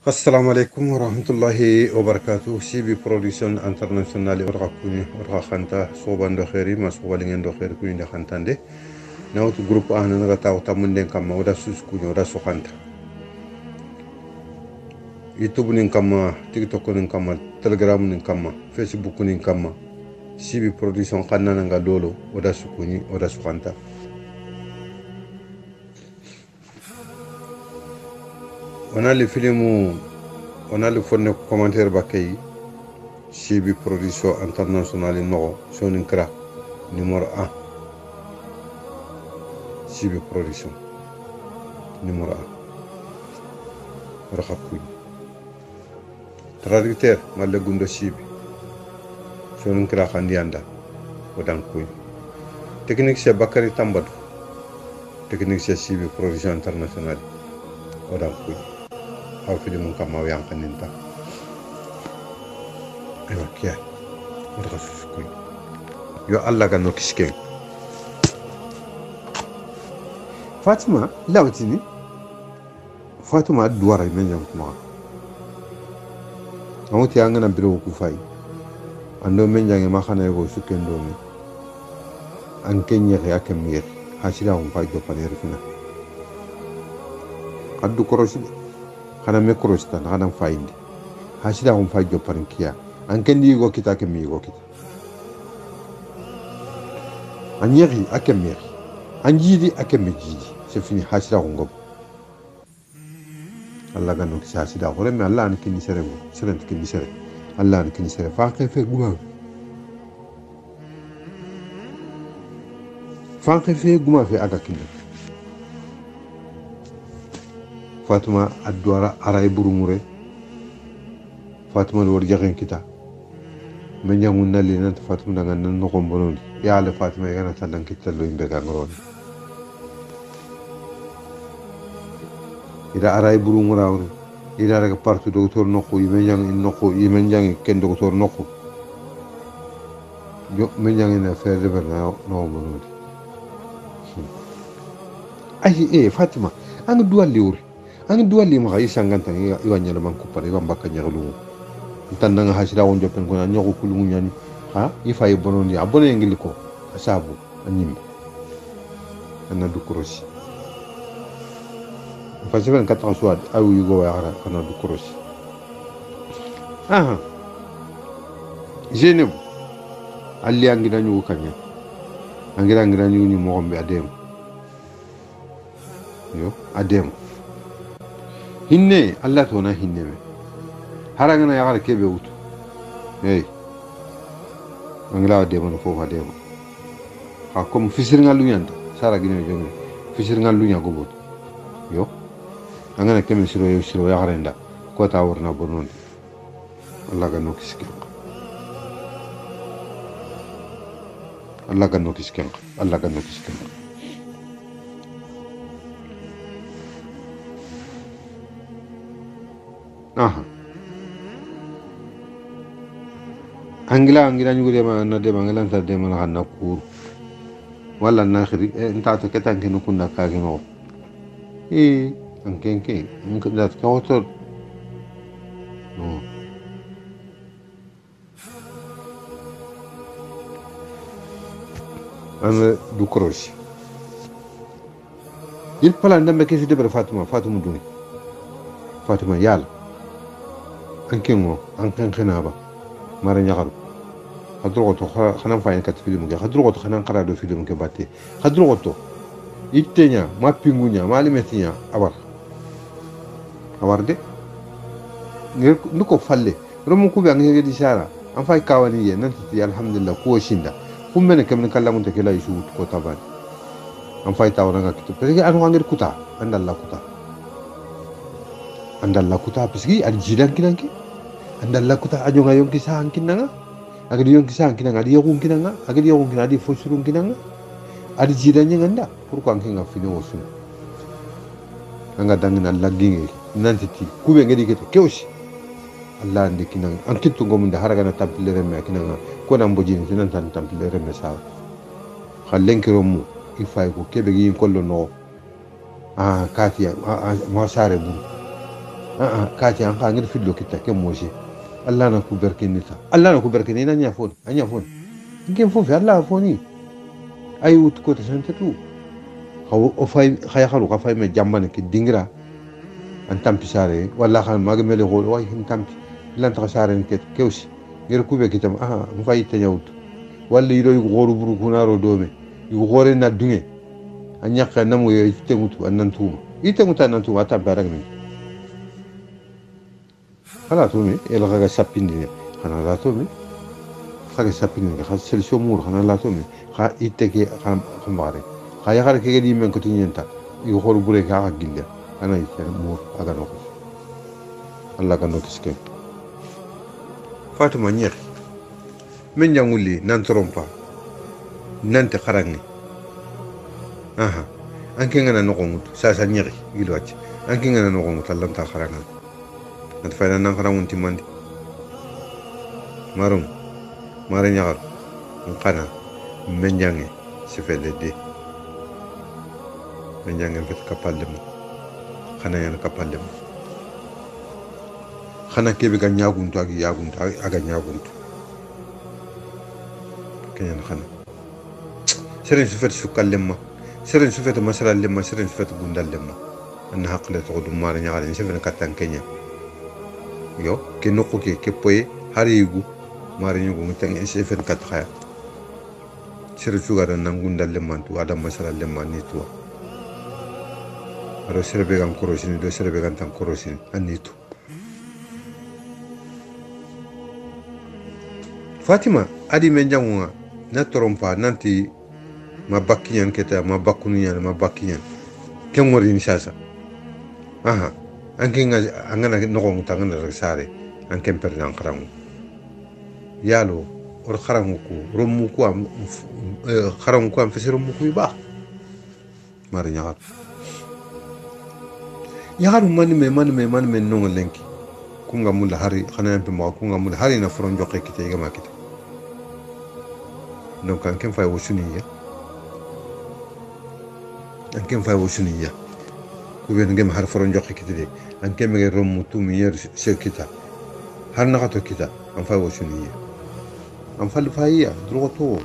Assalamualaikum warahmatullahi wabarakatuh sibi production internationale otaxa kuñi otaxa xanta soobando xeeri ma soobalingeendo xeeri kuñinde xantande nawtu groupe ananaga tamun tamunden kamma woda sus ora su kanta. youtube nin kamma tiktok nin kamma telegram nin kamma facebook nin kamma sibi production xannananga loolo kunyi ora su kanta. On on a a le fond de commentaire bakkayi cibi production internationale sur sonin cra, numéro 1 cibi production numéro 1 raxa traducteur malle gundo cibi sonin kra xandiyanda Technique, Technique, Technique bakary tambadou c'est cibi production internationale wodan harfi di munka ma yang kaninta ewa kia kasih fukui yo ya Allah kan no kishke fatima lawtini fatima duwara men jam kuma Kamu angana biro ku fai ando men jange makana ego suken anu domi. mi an ya kemir Hasilnya on fai do panir fina addu korosi xana me korositan xanan fayindi hasida xum fa joparin kiya an kendi yigo kita ke mi yigo kita a ñexi a ke mexi an jiidi a ke me jiidi c'est fini hasida xungob allah ga noki hasida xureme allah an kini sere go serent kini sere allah an kini sere fa xe fe gumam fa xe fe guma fe aga kinna fatuma adduara aray burumure fatuma lor jagen kita men jangun nalli nanta fatuma daga nan nokon bononi yaale fatuma igana tallan kittallo yimɓe gangoroni ida aray burumurawre ida daga partout docteur nokku yimen jangi nokku yimen jangi ken docteur nokku men jangina feere defer nawo bononi ayi e fatima anga duwalli wuri ang dua lima kay isang ganta iwan niya naman kupar iwan baka niya kulungo itan nga hasira kong japan ko na niya ni ha ifa ibono niya abono yung giliko asabu anime ana dukurosi fasifen kata kasuad awu juga wa yakara aha jeneb ali angira ñugo kaña angira angira ñugo adem yo adem. hinne Allah tona hinne me haragana yagar kebe utu hey angla de bono ko fa de bo ha kom fisir ngal luyanda sara gine jonne fisir ngal lunya go bot yo angana keme siro yo siro yagarenda ko ta worna bonon Allah ga no kiskil Allah ga no kiskil Allah ga no kiskil aha angila angila nyugure ma na de mangala ta de mana na kuru wala na khiri nta to ketan kinu kunna ka kinu e an kenke mun ka da ka hoto no an du kroshi il pala ndambe kesi de ber fatuma fatuma duni fatuma yalla ankengo ankenkenaba mara ñagaru hadrogoto xanan fayen kat filmu ke hadrogoto xanan qara do filmu ke batte hadrogoto itteña ma pinguña ma limetiña awar awar de ndu ko falle romu kuɓe angegedi sara an fay kawani ye nantati alhamdulillah kuwo sinda kummene kemne kallagunte ke layi suwut ko tabani an fay tawananga kito parce que anu angedi kuta andalla kuta andalla kuta parce que aɗa jiidankinanke andalla kuta ajo nga yonki sahan kinanga agadi yonki sahan kinanga adi yokun kinanga agadi yokun kinanga adi fosurun kinanga adi jidanye nganda purko anke nga fini wosuna anga dangina laginge nanti ti kube ngedi keto kewshi allah ndi kinanga ankitu haraga na tampilere me kinanga mbo mbojini sinan tan tampilere reme sa khallenkiro mu ifay ko kebe gi kollo no ah a, a ah, ah, sare bu ah, ah katiya an ka ngir fidlo kitta ke allah na ku berkennita allah na ku berkennina an yaafoon an yaafoon hinkin fuufe allah afoonii ay utkoota santetu xaya xaru xa fayme jambane ke dingira an tampi saare walla xan maaga mele xoolo way hin tampi lantaxa saaren ke kewsi ngir kube kitam aha n fa yitta ñawut walla yiɗo yigu xooru buru kunaro doome yigu xoore na dunge a ñaqa namu ye itengutu a nantuuma itenguta a nantuuma a tampe a rag nangi a khalatumi el khaga sapindi khana latumi khaga sapindi kha selsio mur khana latumi kha iteke kham khambare kha ya khar kege di men kutin yenta i khol bure kha kha gilla ana iten mur aga no Allah ka notice ke Fatima nyer men janguli nan trompa nan te kharangi aha anke ngana no ngut sa sa nyeri gilwat anke ngana no ngut Allah ta kharanga ngat fayda nankara wunti mandi marum mari nyagar nkana menjange sefele de menjange bet kapalde mo khana yana kapalde mo khana kebe ga nyaguntu agi yaguntu aga nyaguntu kenyan khana seren sufet sukal lemma seren sufet masala lemma seren sufet gundal lemma anna haqle to dum mari nyagar sefele katan kenyan yo ke nokko ke ke poy harigu mariñugo mu tang sfn 4 xaya sere cugada nangunda lemantu ada masala leman ni tu ro sir be gan korosini do sir be gam tan korosini anni tu fatima adi men jangunga na trompa nanti ma ke keta ma bakkunu ñan ma bakkiñan ken worini sasa aha Angin nga angana nogon ta ngana rek sare anke perna ya yalo or karang ku rumu ku am eh, karang ku am fesi rumu ku ba mari ya yaar mani me mani me mani me nong lenki kunga mula hari kana yampe ma kunga mula hari na furon joke kita ga makite nong angin fai wo ya anke fai wo ya kubeen gem har foron kiti di an kem ge rom tu miyer kita har na to kita an fa wosuni an fa faiya drogo to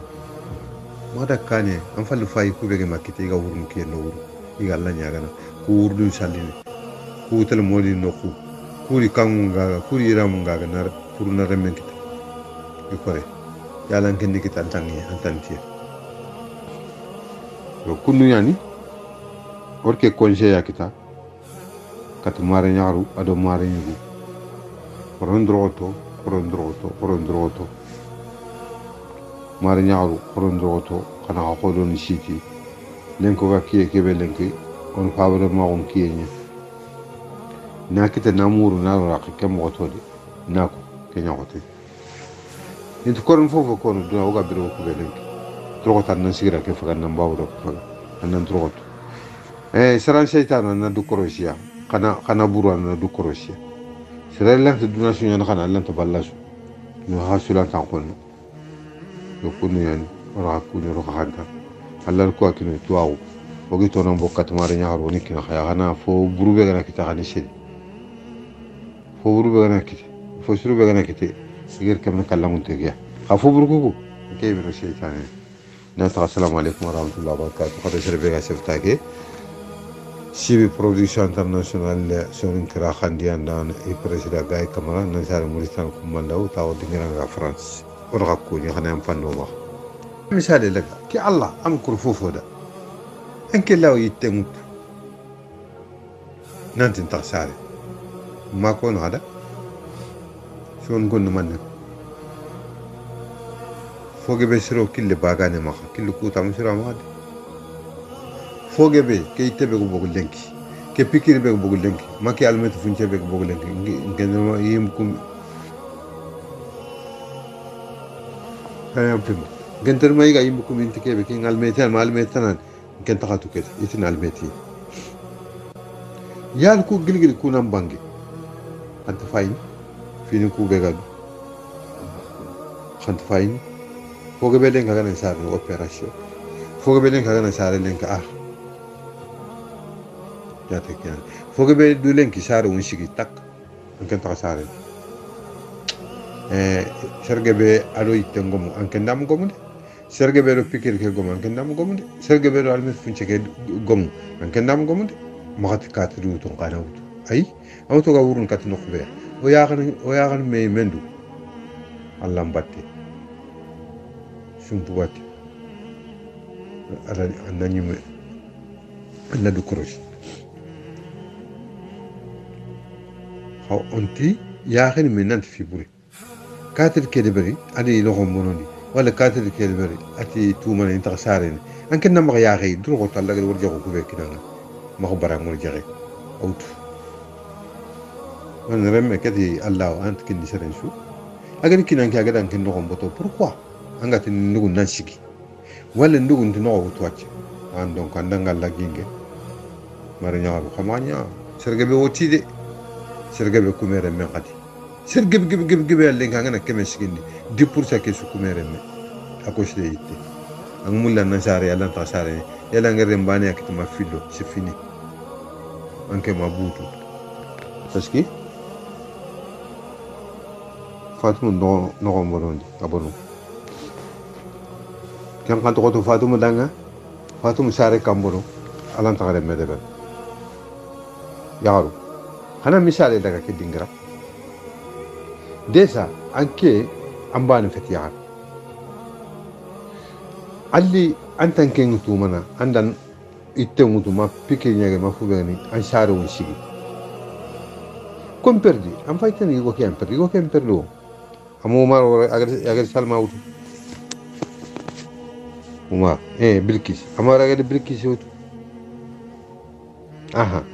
da kane an fa fayi kube ge makite ga wurun kien no wuru iga lan nya gana ku wurun salini ku tel moli no ku ku kangunga kuri ramunga ga nar na remen kita ikore ya lan kendi kita antangi kunu Kundu yani worke konje kita kati mare ñaaru ado mare ñugu horon droto horon droto horon droto mare ñaaru horon droto kana ha ko don siti lenko ga kiye kebe lenki on faabare ma on kiye ñe na kita na na ra ka kem gotode na ko ke ñagote nit koron fofo kono duna woga biro ko be lenki drogo tan nan sigira ke faga nan bawo do ko faga nan drogo سران شيطان أنا دو كروشيا قنا قنا برو أنا دو كروشيا سران لن تدونا شو يعني قنا لن تبلشوا نهاسو لن تقولنا يكونوا يعني راح كونوا راح حدا هلا الكوا كنا تواو وقي تونا بوكات مارينا هاروني كنا خيا أنا فو برو بيجنا كتا غني شدي فو برو بيجنا كتا فو شرو بيجنا كتا غير كم نكلمون تيجيا خافو بركوكو كيف الشيطان نتاع السلام عليكم ورحمة الله وبركاته خاطر شربي غاسفتاكي سيبي بروديشن انترناسيونال سونين كراخان ديان دان اي بريسيدا غاي كامرا نزار موريتان كومان لو تاو غا فرانس ورغا كوني خنا ام فانو با مثال لك كي الله ام كرفوفو دا انك لاو يتموت نانت انت ساري ما كون هذا شون كون من فوق بسرو كل باغاني ما كل كوتا ما مادي fogeɓe ke yitteɓe ko bogo lenki ke pikkiriɓe ko bogo lenki makke almete funceɓe ko bogo lenki genema yim kum ayamtim gentere mayiga yimɓe kum inti keɓe ke almete an ma almete tanan gen taxa tukete itin almete yaal ku gilgil kunan bange anta fayni fini kuɓe gadu anta fayni fogeɓe lenka ganan sarne opération fogeɓe lenka ganan sare lenka ah جاتك يعني فوق بي دولين كشاري ونشيكي تك انكن تغساري eh serge be alo yitte ngomu anke ndam gomu de serge be ro pikir ke gomu anke ndam gomu de serge be ro almi funche ke gomu anke ndam gomu de magati katri wutu ngana wutu ay awto ga wurun kat nokbe o yagan o yagan me mendu allah mbatte sumpu watte ala annani me annadu kuroshi onti yaahin minan nanti buri katel kede bari ani logo mononi wala katel kede bari ati tuman inta sarene anke na maga yaahi dul go talla gel warjago kube kinana ma bara mon jare awtu man remme kati allah ant kin disaren shu agan kinan ke agadan kin logo boto pourquoi anga tin nugun nan sigi wala nugun tin no tuwache an donc andanga la ginge mara nyaabu khamanya sergabe wotide sergebe kumere me gadi sergebe gebe gebe gebe alle nga ngana kemen sigindi di poursa ke su kumere me akoshde yitte ang mulla na sare yalla ta sare yalla ngere mbani akiti ma fillo se fini anke ma butu parce que no no bonondi abono. bonu ken kan togoto fatumu danga fatumu sare kan alanta alan tagare medeben yagaru hana misale daga ke dingira desa anke ambani bani fatiha alli an tanke ngutu mana andan itte ngutu ma pike nyage ma fugani an share won shigi kon perdi am faytani go ke an perdi go ke an perdi o amo agar salma wutu umar eh bilkis amara agar bilkis utu aha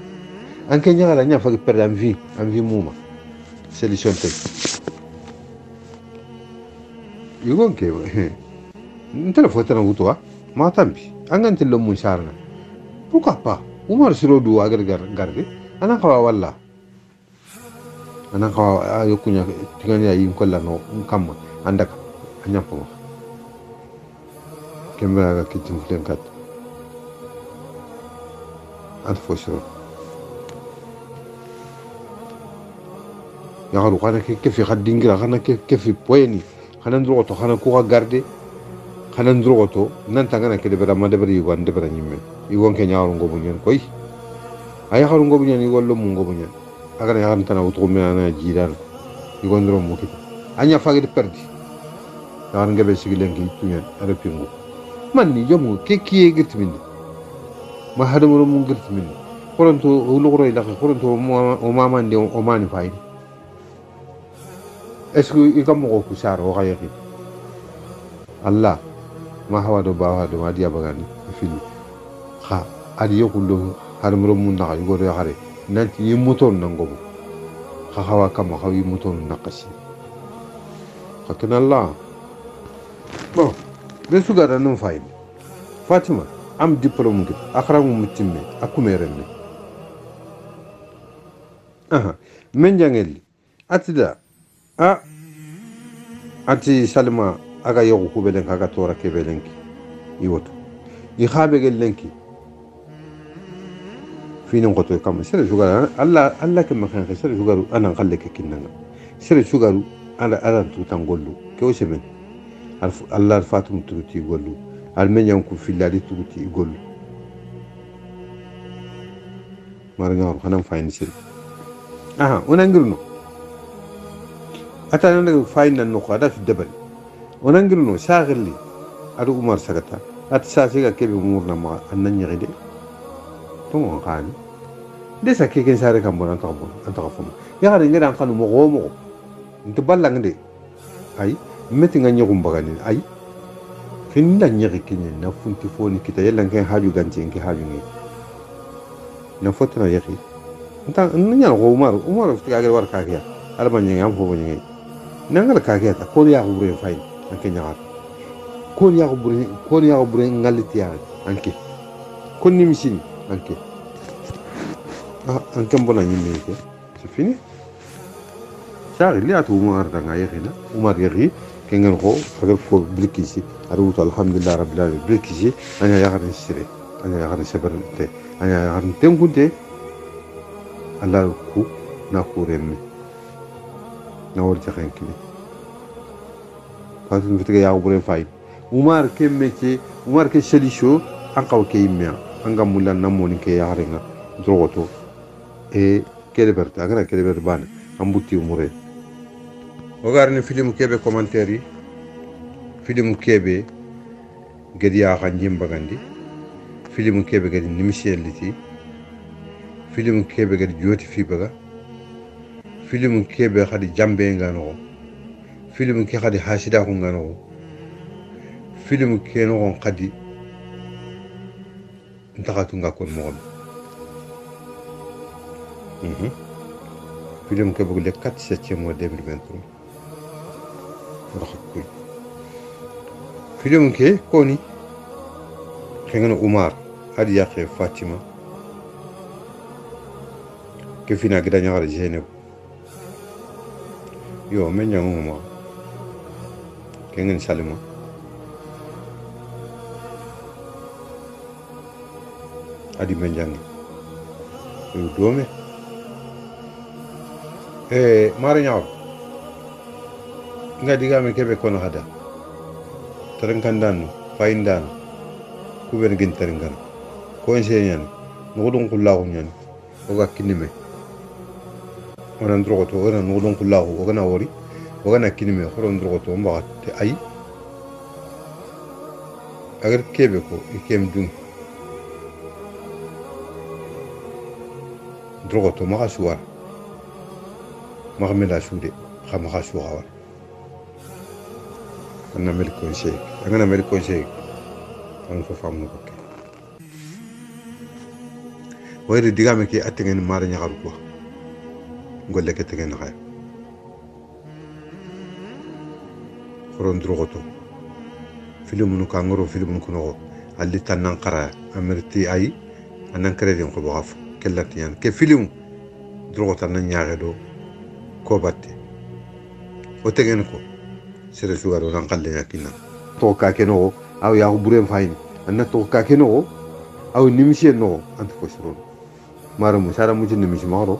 anke ñagala ña faki perdre envie envie muma solution tek yugonke ntele fotana wutuwa matambi angante lo mun sarna pourquoi pas umar siro du agar garde ana kawa walla ana kawa ayo kunya tingani ayi kolla no kamma andak, anyam ko kembra ga kitim fulen kat at fo yakaru kana ke kefi xa dingira xana kefi poyeni dulu ndroxoto xana kuxa garde xana ndroxoto nantangana ke debera ma debera yigan debera ñimme yigon ke ñaxaru ngobu koi, koy a yaxaru ngobu ñen yigon lomu ngobu ñen agana yaxaru tana wutuxume na jiidana yigon ndiro mu kita a ñafagede perdi yaxar ngebe sigilen ke yittuñen ada pingu man ni jomu ke kiye girtimindi ma hadamaro mu girtimindi xoronto luxuro ilaxe xoronto o mamandi o mani est-ce que i ka mɔgɔ kusara waxa yaki alla ma hawa do ba hawa do ma diya bagani fili ha adi yokundo har muro mun naxa yugodo yaxare nanti i mutonu nangobo xa xawa kama xaw i mutonu naqasi xa ken alla bon be sugada num fayim fatima am diplôme git axarangum timme a kumerenne aha men jangel atida a anti salma aga yogu kubelenki aga tora kebelenki iwoto ikhabegelelenki finin koto kama sere sugaru allah allah ke makan ke sere sugaru anan kalle ke kinnanga sere sugaru ala ala tutan gollu ke o semen allah al fatum turuti gollu al menyan ku fillali turuti gollu marga hanan fayni sere aha onan atana daga fayna no ko da fi debal onangil no shagilli adu umar sagata at sasi ga kebe na ma annan nyiride to mon kan de sa keken sare kan bonan to bon an to fuma ya ga ngira an kanu mo go mo ntu ballang de ay meti nga nyugum bagani ay nyi nyiri kinye na funti foni kita yalla ngen haju ganje ngi haju ngi na na yaki nta nnya go umar umar fi ga gar war ka ga alban ngi am fo ngi nangal kaget, kon yaako ɓuren fayni anke ñagata kon yaako ɓuren kon yaako ɓuren ngallitiyaani anke kon nimisini anke ah, anke mbona ke c'est fini saari li ata umar danga yexina umar ke ngal ko agar ko bilkisi aɗa wuto alhamdulillah rabilalamin anya aña yaxarin sire aña yaxarin anya aña yaxarin tenkunte allah ku na kurenni nawarjahankili taasi mfitega yaquburen fayin umar ke mece umar ke selisho an qawa ke yimmea an ga mulla na moni ke yaxarenga drogoto e keleberte a gana keleberte bane an butti umure o garini filimu kebe commentaire yi filimu kebe gedi yaxan jimbagandi filimu kebe gedi fibaga que kebe hadi jambe nga film ke dit hasida qui nga nogo ke nogo hadi ntakatu ko mo 4 septembre 2023 rakhkuy qui ke koni kengana Omar hadi yaqe fatima que fina gida les jenebo Yo, men yang umma. Kengen salima. Adi men jangi. Yo dome. Eh, mari nyaw. Nga diga men kebe kono hada. fain faindan. Kuben gin terengkan. Ko ensenyan. Ngodon kullahunya. Oga kinime. onan drogoto ogana nugulon kullahu ogana wori ogana kinime horon drogoto mbaxate ay agar kebe ko ikem dungi drogoto maxa suwar maxa mela suude xa maxa suxa war anna mel conseil angana mel conseil an fo famnu ko ke wayre digame ke attengeni mara ñaxaru quoi نقول لك اتقي نغير فرون دروغتو فيلم نكا نغرو فيلم نكونو اللي تنان قرا امرتي اي انا كريدي نقول بغاف كلات يعني كفيلم دروغتا نياغدو كوباتي وتقين كو سير سوغارو نقل لنا كنا توكا كنو او يا بريم فاين انا توكا كنو او نمشي نو انت كوشرون مارمو سارا موجي نمشي مارو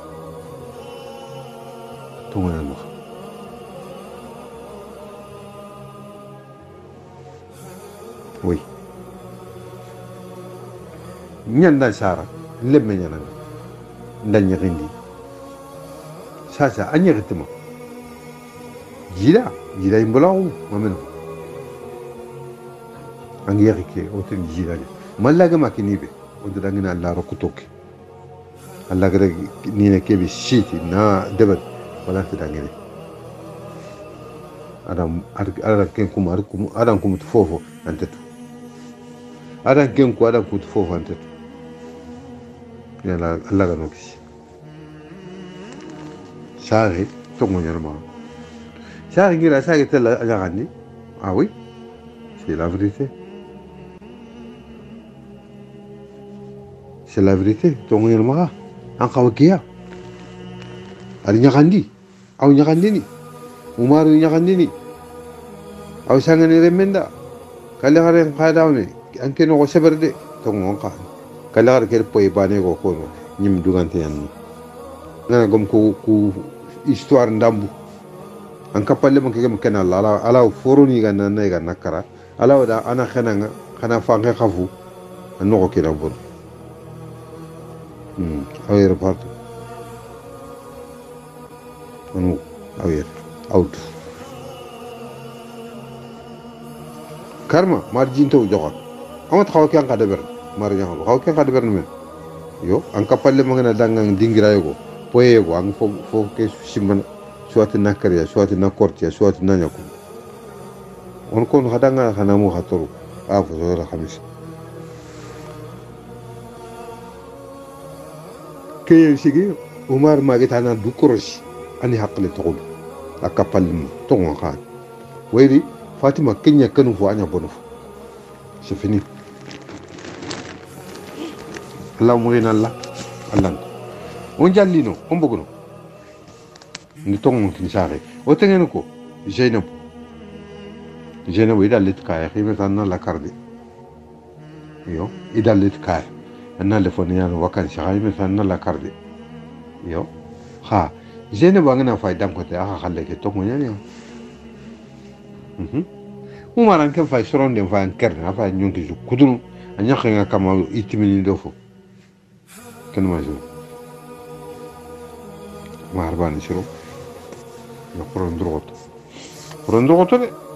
ton œuvre. Oui. ñanda sara lemme ñananga ndañirindi sasa a ñexitima jida jida i mbulaxum mameno a ngeexi ke oten jidane mallaga makini be o dadangina alla rokku tokki allaga rek nina kebe siiti na debat wala ti dangene ken kum ar kum adam kum kumutu fofo adam ken aɗan adam kum kumutu fofo antetu ya la allah ga noki saare togoñalma saare guira saage la a jagandi ah oui c'est la vérité c'est la vérité togoñalmaa an kawa aɗa ni aw ñagandini umaru ni aw sangani remmen da kale xaren kada ni anke no seber de tongo on xaxan kale xar kede poye banego kono ñim dugante yanni na gom ku ku istuar ndambu an kappallema kegem kena ala ala foroniga nanayiga nakara ala da ana fa xana khafu xafu a ke kina bon hmm ayer Bueno, anu, awir, out. Karma, margin tuh jokan. Amat kau kian kada ber, margin kau kau kian kada ber nih. Yo, angkap paling mengenai dengan dingin raya gua, poye gua, ang fok fok ke siman suatu nakar ya, suatu nakort ya, suatu nanya ku. On kon kada nggak kana mu hatur, aku sudah lah kamis. Kayak sih, Umar magetana dukurus. ani hakle togo aka palmi togo khan weri fatima kenya kanu fo anya bonof c'est fini allah mo ina allah allah on jallino on bogono ni togo kin sare o tengeno ko zainab zainab ida lit kaya khime tanna la karde yo ida lit kaya anna le foniyan wakan shagai me tanna la karde yo ha زينب وانا فايدام كنت اخا خليك توك يعني ومارا كان فاي سرون دي فاي كرنا فاي نيونكي جو كودرو انيا خينا كما يتمني دوفو كان ما جو ما هربان شرو يقرون دروغوت قرون دروغوت